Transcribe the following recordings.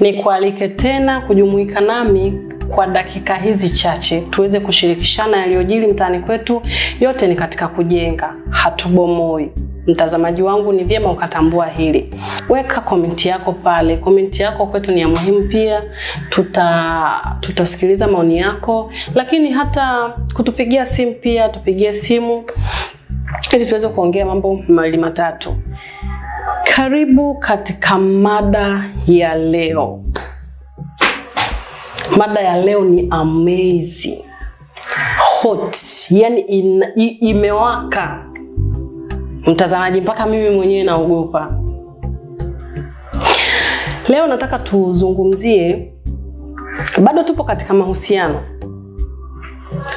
Nikualike tena kujumuika nami kwa dakika hizi chache tuweze kushirikishana yaliyojiri mtaani kwetu. Yote ni katika kujenga, hatubomoi. Mtazamaji wangu, ni vyema ukatambua hili. Weka komenti yako pale, komenti yako kwetu ni ya muhimu pia. Tuta tutasikiliza maoni yako, lakini hata kutupigia simu pia, tupigie simu ili tuweze kuongea mambo mawili matatu. Karibu katika mada ya leo. Mada ya leo ni amazing hot, yani in, i, imewaka mtazamaji, mpaka mimi mwenyewe naogopa. Leo nataka tuzungumzie, bado tupo katika mahusiano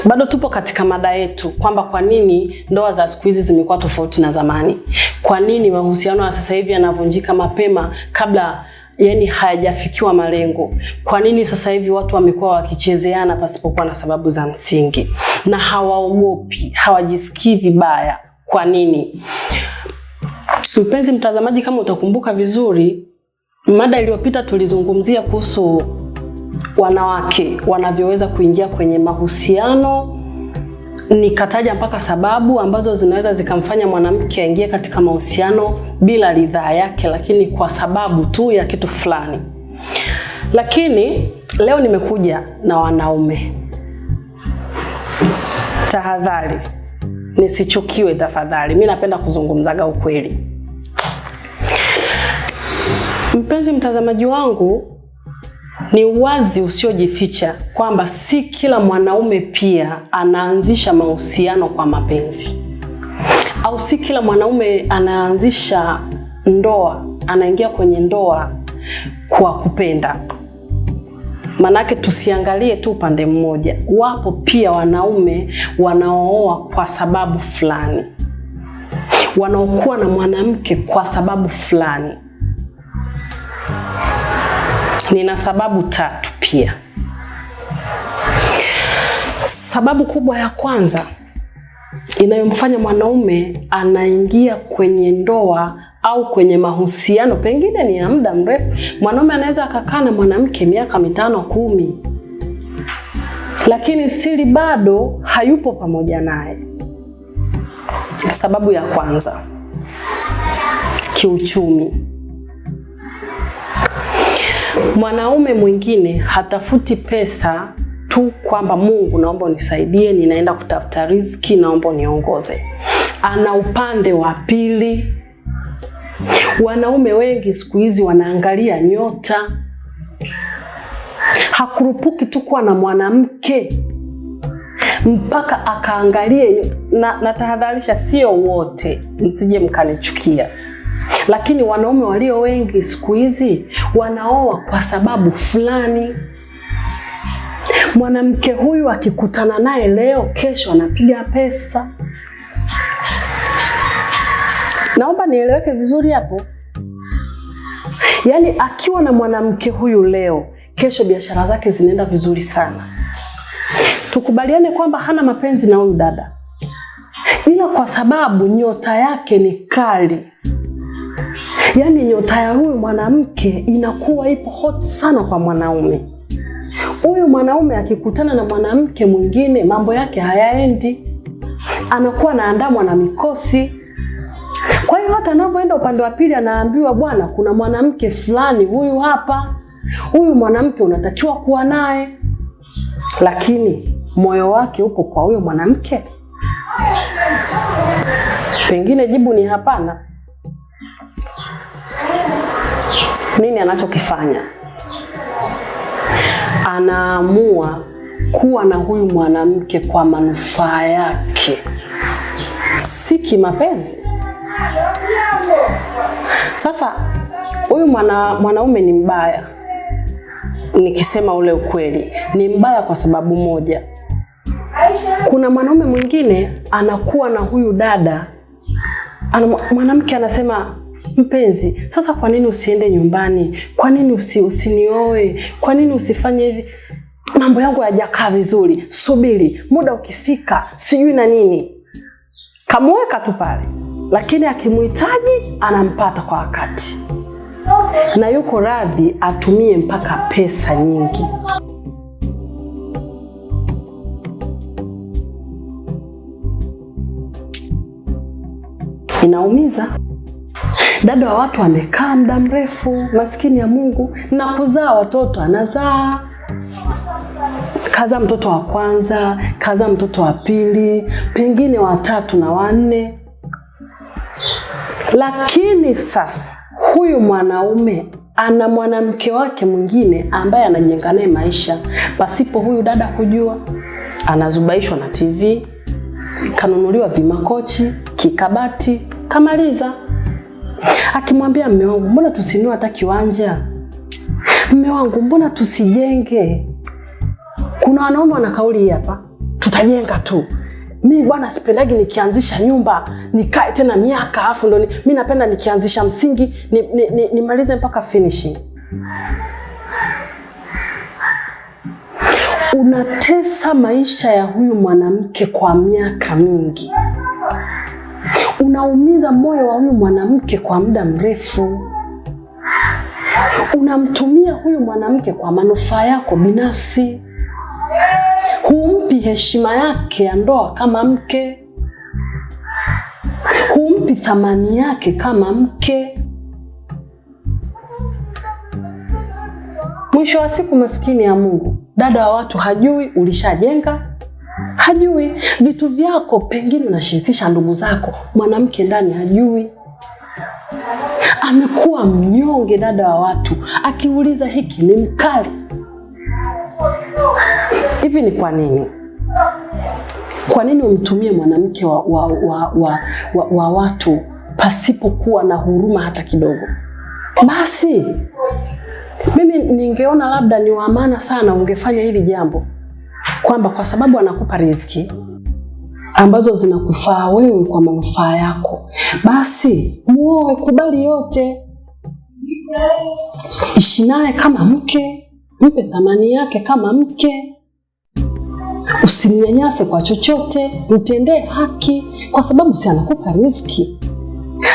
bado tupo katika mada yetu kwamba kwa nini ndoa za siku hizi zimekuwa tofauti na zamani. Kwa nini mahusiano ya sasa hivi yanavunjika mapema kabla yani hayajafikiwa malengo? Kwa nini sasa hivi watu wamekuwa wakichezeana pasipokuwa na sababu za msingi na hawaogopi, hawajisikii vibaya? Kwa nini? Mpenzi mtazamaji, kama utakumbuka vizuri, mada iliyopita tulizungumzia kuhusu wanawake wanavyoweza kuingia kwenye mahusiano nikataja mpaka sababu ambazo zinaweza zikamfanya mwanamke aingie katika mahusiano bila ridhaa yake, lakini kwa sababu tu ya kitu fulani. Lakini leo nimekuja na wanaume, tahadhari, nisichukiwe tafadhali. Mi napenda kuzungumzaga ukweli, mpenzi mtazamaji wangu ni uwazi usiojificha kwamba si kila mwanaume pia anaanzisha mahusiano kwa mapenzi, au si kila mwanaume anaanzisha ndoa, anaingia kwenye ndoa kwa kupenda. Manake tusiangalie tu upande mmoja. Wapo pia wanaume wanaooa kwa sababu fulani, wanaokuwa na mwanamke kwa sababu fulani nina sababu tatu pia. Sababu kubwa ya kwanza inayomfanya mwanaume anaingia kwenye ndoa au kwenye mahusiano pengine ni ya muda mrefu. Mwanaume anaweza akakaa na mwanamke miaka mitano kumi, lakini stili bado hayupo pamoja naye. Sababu ya kwanza kiuchumi. Mwanaume mwingine hatafuti pesa tu kwamba Mungu, naomba unisaidie, ninaenda kutafuta riziki, naomba uniongoze. Ana upande wa pili. Wanaume wengi siku hizi wanaangalia nyota, hakurupuki tu kuwa na mwanamke mpaka akaangalie na, natahadharisha, sio wote, msije mkanichukia. Lakini wanaume walio wengi siku hizi wanaoa kwa sababu fulani. Mwanamke huyu akikutana naye leo, kesho anapiga pesa. Naomba nieleweke vizuri hapo. Yaani akiwa na mwanamke huyu leo, kesho biashara zake zinaenda vizuri sana. Tukubaliane kwamba hana mapenzi na huyu dada, ila kwa sababu nyota yake ni kali Yaani nyota ya huyu mwanamke inakuwa ipo hot sana kwa mwanaume. Huyu mwanaume akikutana na mwanamke mwingine mambo yake hayaendi, anakuwa anaandamwa na mikosi. Kwa hiyo hata anapoenda upande wa pili anaambiwa, bwana, kuna mwanamke fulani huyu hapa, huyu mwanamke unatakiwa kuwa naye, lakini moyo wake uko kwa huyo mwanamke? Pengine jibu ni hapana. nini anachokifanya? Anaamua kuwa na huyu mwanamke kwa manufaa yake, si kimapenzi. Sasa huyu mwana, mwanaume ni mbaya, nikisema ule ukweli ni mbaya kwa sababu moja, kuna mwanaume mwingine anakuwa na huyu dada mwanamke anasema Mpenzi, sasa kwa nini usiende nyumbani? Kwa nini usi, usinioe? Kwa nini usifanye hivi? Mambo yangu hayajakaa vizuri, subiri muda ukifika, sijui na nini. Kamuweka tu pale, lakini akimuhitaji anampata kwa wakati na yuko radhi atumie mpaka pesa nyingi. Inaumiza dada wa watu amekaa muda mrefu, maskini ya Mungu, na kuzaa watoto, anazaa kaza mtoto wa kwanza, kaza mtoto wa pili, pengine watatu na wanne. Lakini sasa huyu mwanaume ana mwanamke wake mwingine ambaye anajenga naye maisha pasipo huyu dada kujua. Anazubaishwa na TV, kanunuliwa vimakochi, kikabati, kamaliza akimwambia mme wangu, mbona tusinunue hata kiwanja? Mme wangu, mbona tusijenge? Kuna wanaume wana kauli hii hapa, tutajenga tu. Mi bwana, sipendagi nikianzisha nyumba nikae tena miaka afu ndo. Mi napenda nikianzisha msingi nimalize ni, ni, ni mpaka finishing. Unatesa maisha ya huyu mwanamke kwa miaka mingi unaumiza moyo wa huyu mwanamke kwa muda mrefu, unamtumia huyu mwanamke kwa manufaa yako binafsi, humpi heshima yake ya ndoa kama mke, humpi thamani yake kama mke. Mwisho wa siku, maskini ya Mungu, dada wa watu hajui ulishajenga hajui vitu vyako, pengine unashirikisha ndugu zako. Mwanamke ndani hajui, amekuwa mnyonge, dada wa watu, akiuliza hiki ni mkali hivi. Ni kwa nini? Kwa nini umtumie mwanamke wa, wa, wa, wa, wa, wa watu pasipokuwa na huruma hata kidogo? Basi mimi ningeona labda ni wa maana sana, ungefanya hili jambo kwamba kwa sababu anakupa riziki ambazo zinakufaa wewe kwa manufaa yako, basi muoe, kubali yote, ishi naye kama mke, mpe thamani yake kama mke, usimnyanyase kwa chochote, mtendee haki, kwa sababu si anakupa riziki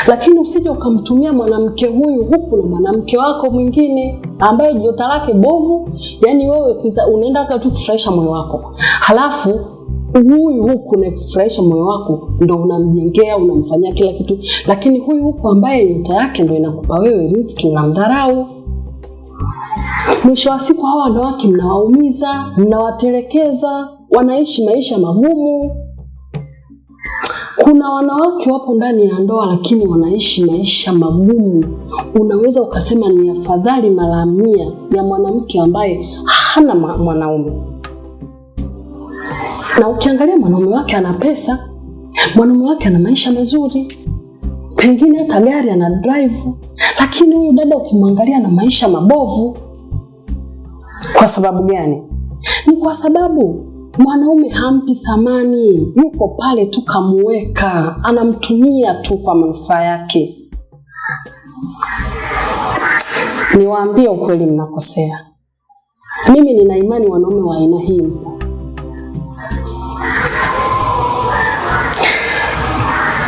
lakini usije ukamtumia mwanamke huyu huku na mwanamke wako mwingine ambaye jota lake bovu, yani wewe kiza unaenda tu kufurahisha moyo wako, halafu huyu huku kufurahisha moyo wako ndo unamjengea unamfanyia kila kitu, lakini huyu huku ambaye nyota yake ndo inakupa wewe riziki unamdharau. Mwisho wa siku hawa wanawake mnawaumiza, mnawatelekeza, wanaishi maisha magumu. Kuna wanawake wapo ndani ya ndoa lakini wanaishi maisha magumu. Unaweza ukasema ni afadhali mara mia ya mwanamke ambaye hana mwanaume, na ukiangalia mwanaume wake ana pesa, mwanaume wake ana maisha mazuri, pengine hata gari ana drive, lakini huyu dada ukimwangalia na maisha mabovu. Kwa sababu gani? Ni kwa sababu Mwanaume hampi thamani, yuko pale tu kamuweka, anamtumia tu kwa manufaa yake. Niwaambie ukweli, mnakosea. Mimi nina imani wanaume wa aina hii mpo.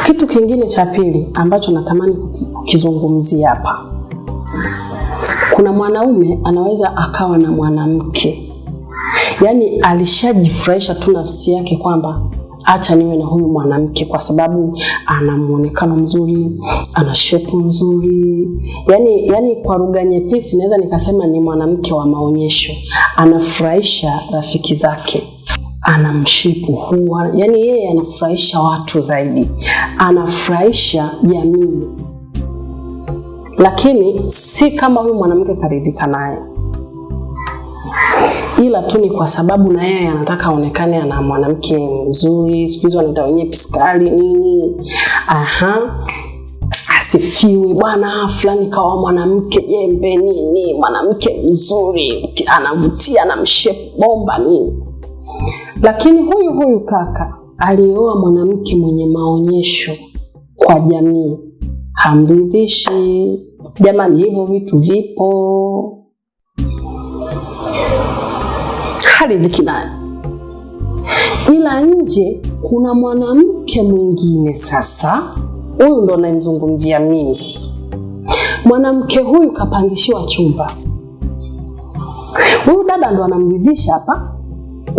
Kitu kingine cha pili ambacho natamani kukizungumzia hapa, kuna mwanaume anaweza akawa na mwanamke yani alishajifurahisha tu nafsi yake kwamba acha niwe na huyu mwanamke kwa sababu ana mwonekano mzuri, ana shepu nzuri. Yaani yani kwa lugha nyepesi naweza nikasema ni mwanamke wa maonyesho. Anafurahisha rafiki zake. Ana mshipu huwa, yaani yeye anafurahisha watu zaidi. Anafurahisha jamii. Lakini si kama huyu mwanamke karidhika naye ila tu ni kwa sababu na yeye anataka aonekane ana mwanamke mzuri, siku hizi wanaita wenyewe piskali nini, aha asifiwe bwana fulani kawa mwanamke jembe nini, mwanamke mzuri anavutia, anamshepu bomba nini. Lakini huyu huyu kaka alioa mwanamke mwenye maonyesho kwa jamii hamridhishi. Jamani, hivyo vitu vipo. Khalid Kinani, ila nje kuna mwanamke mwingine. Sasa huyu ndo namzungumzia mimi. Sasa mwanamke huyu kapangishiwa chumba, huyu dada ndo anamridhisha hapa,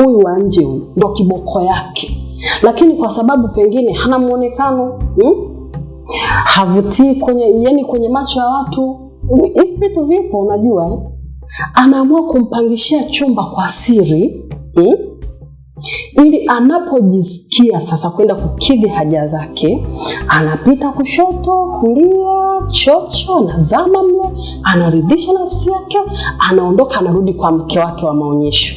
huyu wa nje ndo kiboko yake, lakini kwa sababu pengine hana mwonekano hmm? havutii kwenye, yani kwenye macho ya watu. Hivi vitu vipo, unajua eh? anaamua kumpangishia chumba kwa siri hmm? ili anapojisikia sasa kwenda kukidhi haja zake, anapita kushoto, kulia, chocho, anazama mle, anaridhisha nafsi yake, anaondoka, anarudi kwa mke wake wa maonyesho.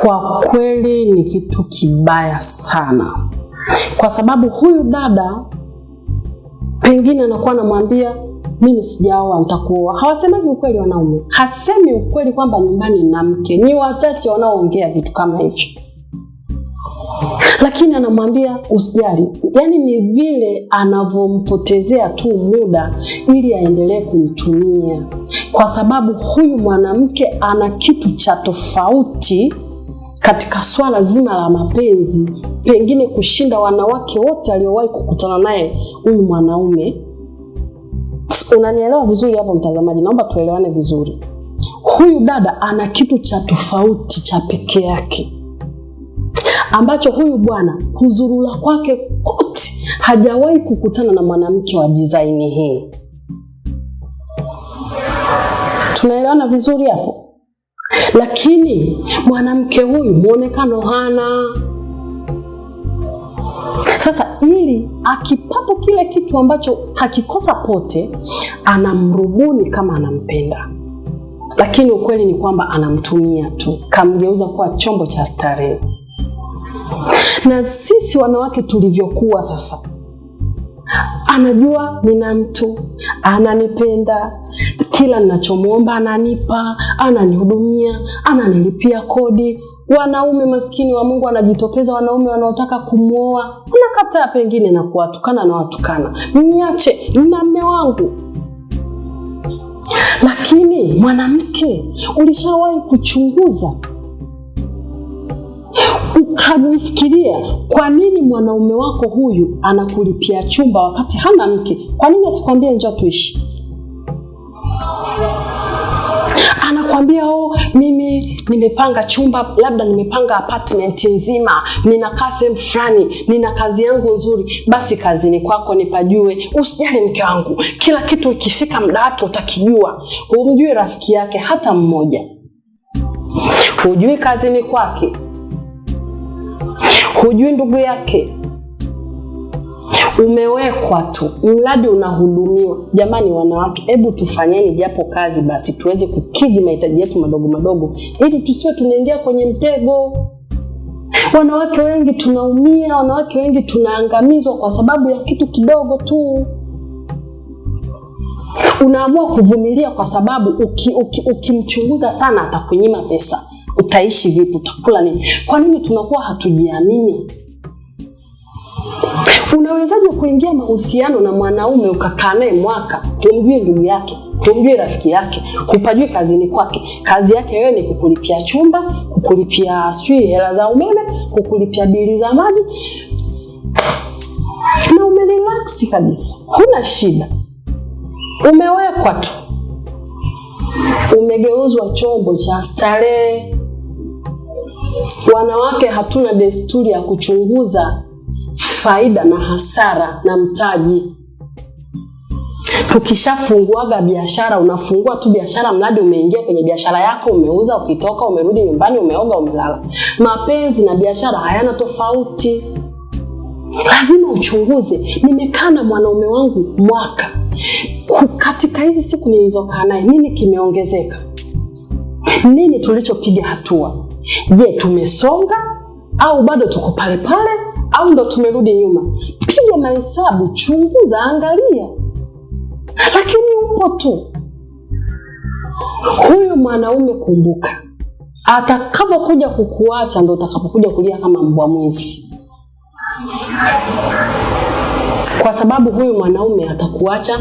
Kwa kweli ni kitu kibaya sana, kwa sababu huyu dada pengine anakuwa anamwambia mimi sijaoa, nitakuoa. Hawasemaji ukweli wanaume, hasemi ukweli kwamba nyumbani na mke. Ni wachache wanaoongea vitu kama hivyo, lakini anamwambia usijali. Yaani ni vile anavyompotezea tu muda ili aendelee kumtumia, kwa sababu huyu mwanamke ana kitu cha tofauti katika swala zima la mapenzi, pengine kushinda wanawake wote aliowahi kukutana naye huyu mwanaume. Unanielewa vizuri hapo, mtazamaji? Naomba tuelewane vizuri. Huyu dada ana kitu cha tofauti cha pekee yake ambacho huyu bwana huzurula kwake kote hajawahi kukutana na mwanamke wa dizaini hii. Tunaelewana vizuri hapo? lakini mwanamke huyu mwonekano hana. Sasa ili akipata kile kitu ambacho hakikosa pote, anamrubuni kama anampenda, lakini ukweli ni kwamba anamtumia tu, kamgeuza kuwa chombo cha starehe. Na sisi wanawake tulivyokuwa sasa, anajua nina mtu ananipenda, kila ninachomwomba ananipa, ananihudumia, ananilipia kodi. Wanaume maskini wa Mungu anajitokeza wanaume wanaotaka kumwoa anakataa, pengine na kuwatukana na watukana, niache na mme wangu. Lakini mwanamke, ulishawahi kuchunguza ukajifikiria kwa nini mwanaume wako huyu anakulipia chumba wakati hana mke? Kwa nini asikwambie njoo tuishi? anakwambia oh, mimi nimepanga chumba, labda nimepanga apartment nzima, ninakaa sehemu fulani, nina kazi yangu nzuri. Basi kazini kwako nipajue, usijali mke wangu, kila kitu ikifika muda wake utakijua. Humjui rafiki yake hata mmoja, hujui kazini kwake, hujui ndugu yake umewekwa tu, mradi unahudumiwa. Jamani wanawake, hebu tufanyeni japo kazi basi, tuweze kukidhi mahitaji yetu madogo madogo, ili tusiwe tunaingia kwenye mtego. Wanawake wengi tunaumia, wanawake wengi tunaangamizwa kwa sababu ya kitu kidogo tu. Unaamua kuvumilia kwa sababu ukimchunguza uki, uki sana atakunyima pesa, utaishi vipi? Utakula nini? Kwa nini tunakuwa hatujiamini? Unawezaje kuingia mahusiano na mwanaume ukakaa naye mwaka, humjui ndugu yake, humjui rafiki yake, kupajui kazini kwake? Kazi yake wewe ni kukulipia chumba, kukulipia sijui hela za umeme, kukulipia bili za maji, na umerelaksi kabisa, huna shida, umewekwa tu, umegeuzwa chombo cha starehe. Wanawake hatuna desturi ya kuchunguza faida na hasara na mtaji. Tukishafunguaga biashara, unafungua tu biashara, mradi umeingia kwenye biashara yako, umeuza, ukitoka, umerudi nyumbani, umeoga, umelala. Mapenzi na biashara hayana tofauti. Lazima uchunguze. Nimekaa na mwanaume wangu mwaka, katika hizi siku nilizokaa naye, nini kimeongezeka? Nini tulichopiga hatua? Je, tumesonga au bado tuko pale pale? au ndo tumerudi nyuma? Piga mahesabu, chunguza, angalia. Lakini upo tu huyu mwanaume. Kumbuka, atakapokuja kukuacha ndo utakapokuja kulia kama mbwa mwizi, kwa sababu huyu mwanaume atakuacha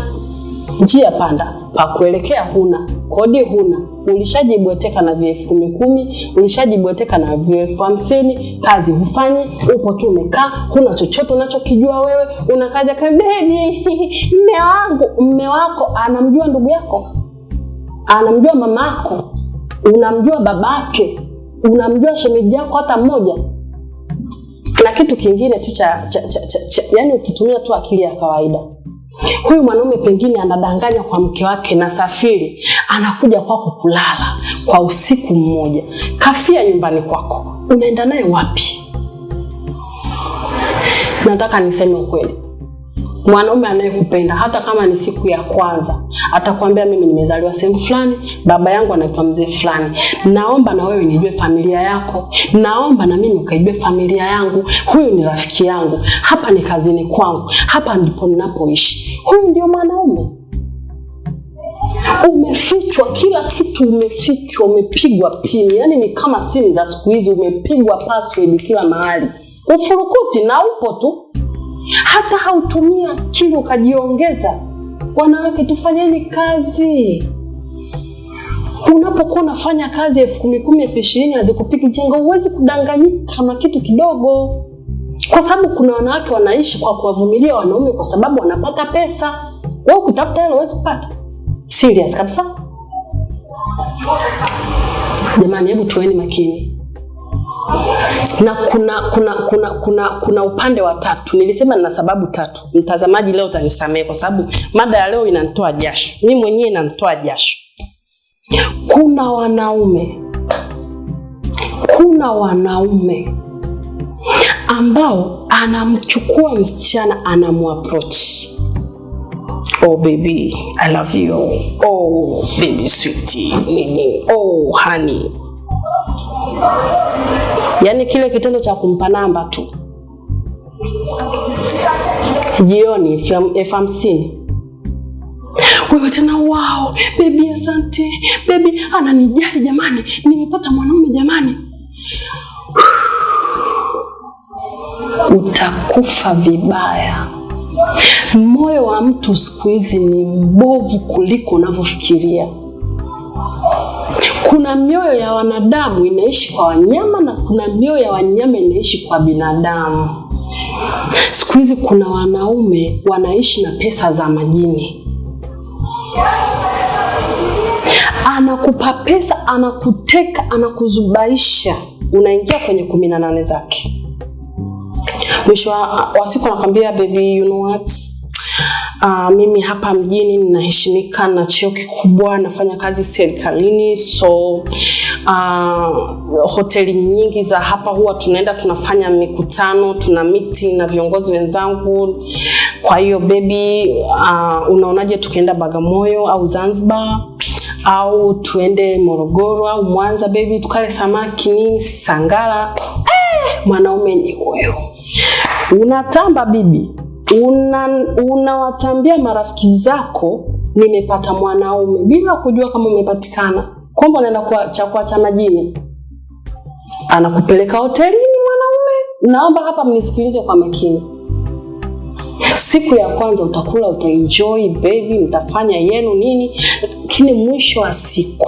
njia panda, pa kuelekea huna kodi huna, ulishajibweteka na viefu kumi kumi, ulishajibweteka na viefu hamsini, kazi hufanyi, upo tu umekaa, huna chochote unachokijua wewe, unakaja kabeni mme wangu. Mme wako anamjua ndugu yako, anamjua mamako, unamjua babake, unamjua shemeji yako hata mmoja na kitu kingine tu cha, cha, cha, cha, cha, yani ukitumia tu akili ya kawaida Huyu mwanaume pengine anadanganya kwa mke wake na Safiri anakuja kwako kulala kwa usiku mmoja, kafia nyumbani kwako, unaenda naye wapi? Nataka niseme ukweli, Mwanaume anayekupenda hata kama ni siku ya kwanza atakwambia, mimi nimezaliwa sehemu fulani, baba yangu anaitwa mzee fulani, naomba na wewe nijue familia yako, naomba na mimi ukaijue familia yangu, huyu ni rafiki yangu, hapa ni kazini kwangu, hapa ndipo ninapoishi. Huyu ndio mwanaume. Umefichwa kila kitu, umefichwa, umepigwa pini, yaani ni kama simu za siku hizi, umepigwa password kila mahali, ufurukuti na upo tu hata hautumia akili ukajiongeza. Wanawake tufanyeni kazi. Unapokuwa unafanya kazi elfu kumi kumi, elfu ishirini hazikupiki jenga, huwezi kudanganyika na kitu kidogo, kwa sababu kuna wanawake wanaishi kwa kuwavumilia wanaume kwa sababu wanapata pesa. Wewe kutafuta hela huwezi kupata. Serious kabisa jamani, hebu tuweni makini na kuna kuna kuna kuna kuna upande wa tatu. Nilisema nina sababu tatu. Mtazamaji leo utanisamehe kwa sababu mada ya leo inanitoa jasho, mimi mwenyewe inanitoa jasho. Kuna wanaume, kuna wanaume ambao anamchukua msichana anamwaproach Oh baby, I love you. Oh baby sweetie, nini? Oh honey yaani kile kitendo cha kumpa namba tu jioni elfu eh, hamsini wewe tena, wao bebi, asante bebi, ananijali jamani, nimepata mwanaume jamani. Utakufa vibaya. Moyo wa mtu siku hizi ni mbovu kuliko unavyofikiria kuna mioyo ya wanadamu inaishi kwa wanyama na kuna mioyo ya wanyama inaishi kwa binadamu. Siku hizi kuna wanaume wanaishi na pesa za majini, anakupa pesa, anakuteka, anakuzubaisha, unaingia kwenye kumi na nane zake, mwisho wa siku anakwambia baby, you know what Uh, mimi hapa mjini ninaheshimika na cheo kikubwa, nafanya kazi serikalini, so uh, hoteli nyingi za hapa huwa tunaenda tunafanya mikutano, tuna miti na viongozi wenzangu. Kwa hiyo bebi, uh, ah, unaonaje tukienda Bagamoyo au Zanzibar au tuende Morogoro au Mwanza bebi, tukale samaki nini sangara? Eh, mwanaume ni huyo, unatamba bibi unawatambia una marafiki zako, nimepata mwanaume bila kujua kama umepatikana, kwamba unaenda kwa cha majini jini. Anakupeleka hotelini, mwanaume, naomba hapa mnisikilize kwa makini. Siku ya kwanza utakula, utaenjoy baby, mtafanya yenu nini, lakini mwisho wa siku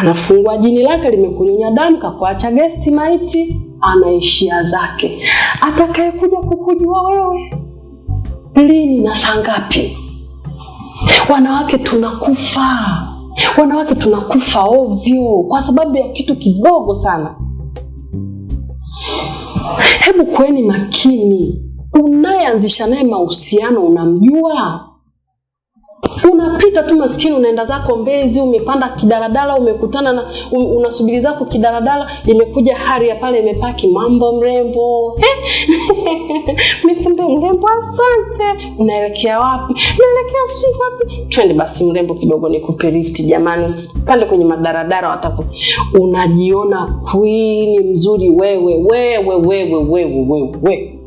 anafungua jini lake limekunyonya damu, kakuacha gesti maiti, anaishia zake. Atakayekuja kukujua wewe lini na saa ngapi? Wanawake tunakufa, wanawake tunakufa ovyo kwa sababu ya kitu kidogo sana. Hebu kweni makini, unayeanzisha naye mahusiano unamjua? unapita tu maskini, unaenda zako Mbezi, umepanda kidaladala, umekutana na um, unasubiri zako kidaladala, imekuja hari ya pale imepaki, mambo mrembo, eh? mifundo mrembo, asante, unaelekea wapi? Naelekea si wapi, twende basi mrembo kidogo, nikupe lifti. Jamani, usipande kwenye madaradara, wataku unajiona queen mzuri, wewe wewe wewe wewe wewe,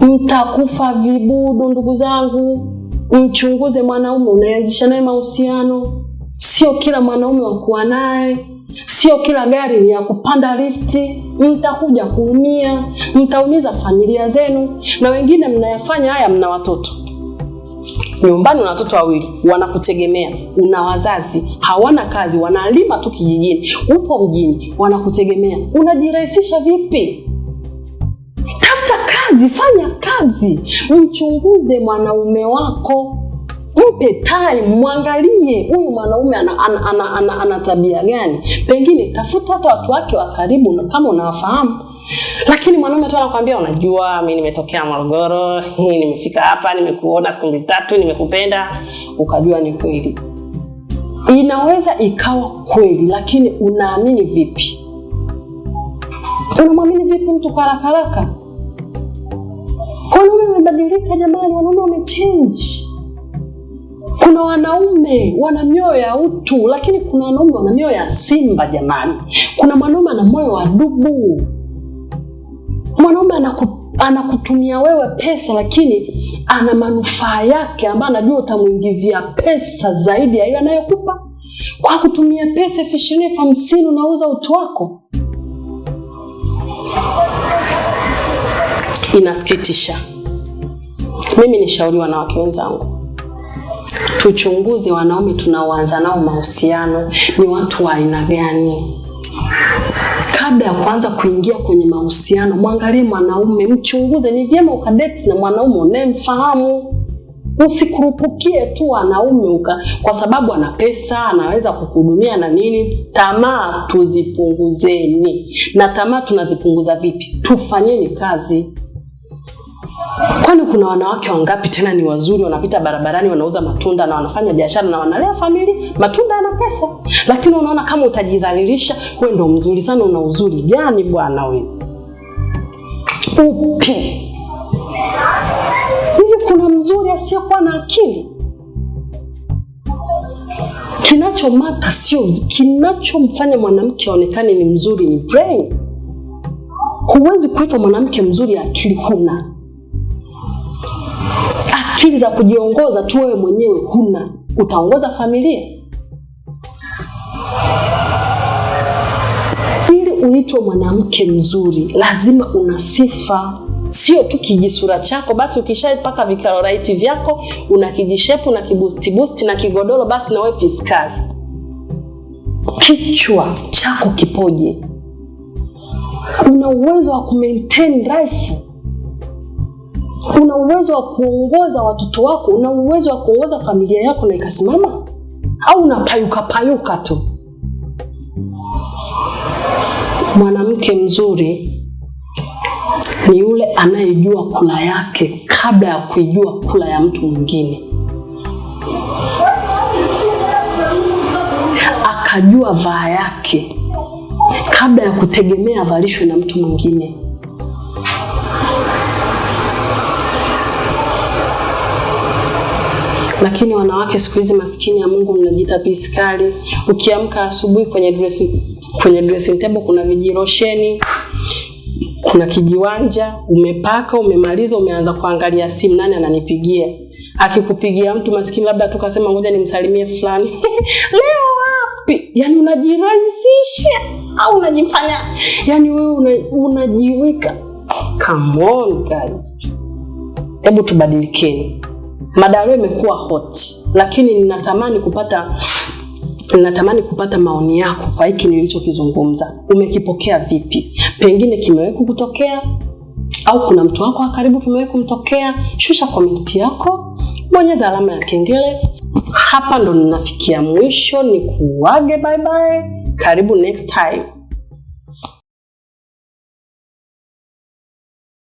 mtakufa vibudu ndugu zangu. Mchunguze mwanaume unaanzisha naye mahusiano. Sio kila mwanaume wa kuwa naye, sio kila gari ya kupanda lifti. Mtakuja kuumia, mtaumiza familia zenu, na wengine mnayafanya haya, mna watoto nyumbani, una watoto wawili wanakutegemea, una wazazi hawana kazi, wanalima tu kijijini, upo mjini, wanakutegemea. Unajirahisisha vipi? kazi, fanya kazi, mchunguze mwanaume wako, mpe time, mwangalie huyu mwanaume ana, ana, ana, ana, ana tabia gani. Pengine tafuta hata watu wake wa karibu kama unawafahamu lakini mwanaume tu anakuambia unajua, mi nimetokea Morogoro, hii nimefika hapa, nimekuona siku mbili tatu, nimekupenda, ukajua ni kweli. Inaweza ikawa kweli, lakini unaamini vipi? Unamwamini vipi mtu kwa haraka haraka? Wanaume wamebadilika jamani, wanaume wamechange. Kuna wanaume wana mioyo ya utu, lakini kuna wanaume wana mioyo ya simba jamani. Kuna mwanaume ana moyo wa dubu, mwanaume anakutumia wewe pesa, lakini ana manufaa yake ambayo anajua utamwingizia pesa zaidi ya ile anayokupa. Kwa kutumia pesa elfu ishirini elfu hamsini unauza utu wako. Inasikitisha. Mimi ni shauri wanawake wenzangu, tuchunguze wanaume tunaoanza nao mahusiano ni watu wa aina gani. Kabla ya kuanza kuingia kwenye mahusiano, mwangalie mwanaume, mchunguze. Ni vyema ukadeti na mwanaume unayemfahamu. Usikurupukie tu wanaume uka, kwa sababu ana pesa anaweza kukuhudumia na nini. Tamaa tuzipunguzeni, na tamaa tunazipunguza vipi? Tufanyeni kazi kwani kuna wanawake wangapi tena ni wazuri wanapita barabarani wanauza matunda na wanafanya biashara na wanalea familia, matunda yana pesa, lakini unaona kama utajidhalilisha, wewe ndo mzuri sana. Una uzuri gani bwana wewe? Upi hivi? Kuna mzuri asiyokuwa na akili? Kinachomata sio kinachomfanya mwanamke aonekane ni mzuri, ni brain. Huwezi kuitwa mwanamke mzuri akili huna akili za kujiongoza tu wewe mwenyewe huna, utaongoza familia? Ili uitwe mwanamke mzuri, lazima una sifa, sio tu kijisura chako basi. Ukishaipaka vikaloraiti vyako, una kijishepu na kibustibusti na kigodoro, basi na wewe piskali. Kichwa chako kipoje? Una uwezo wa kumaintain life Una uwezo wa kuongoza watoto wako, una uwezo wa kuongoza familia yako na ikasimama, au unapayuka payuka tu? Mwanamke mzuri ni yule anayejua kula yake kabla ya kuijua kula ya mtu mwingine, akajua vaa yake kabla ya kutegemea avalishwe na mtu mwingine. Lakini wanawake siku hizi maskini ya Mungu mnajita piskali. Ukiamka asubuhi kwenye dressing, kwenye dressing table kuna vijirosheni, kuna kijiwanja, umepaka, umemaliza, umeanza kuangalia simu, nani ananipigia? Akikupigia mtu maskini, labda tukasema ngoja nimsalimie fulani leo wapi? Yani unajirahisisha au unajifanya, yani wewe unajiweka una Come on guys, hebu tubadilikeni mada leo imekuwa hot, lakini ninatamani kupata ninatamani kupata maoni yako kwa hiki nilichokizungumza. Umekipokea vipi? Pengine kimewahi kukutokea au kuna mtu wako wa karibu kimewahi kumtokea? Shusha komenti yako, bonyeza alama ya kengele. Hapa ndo ninafikia mwisho, ni kuage bye bye, karibu next time.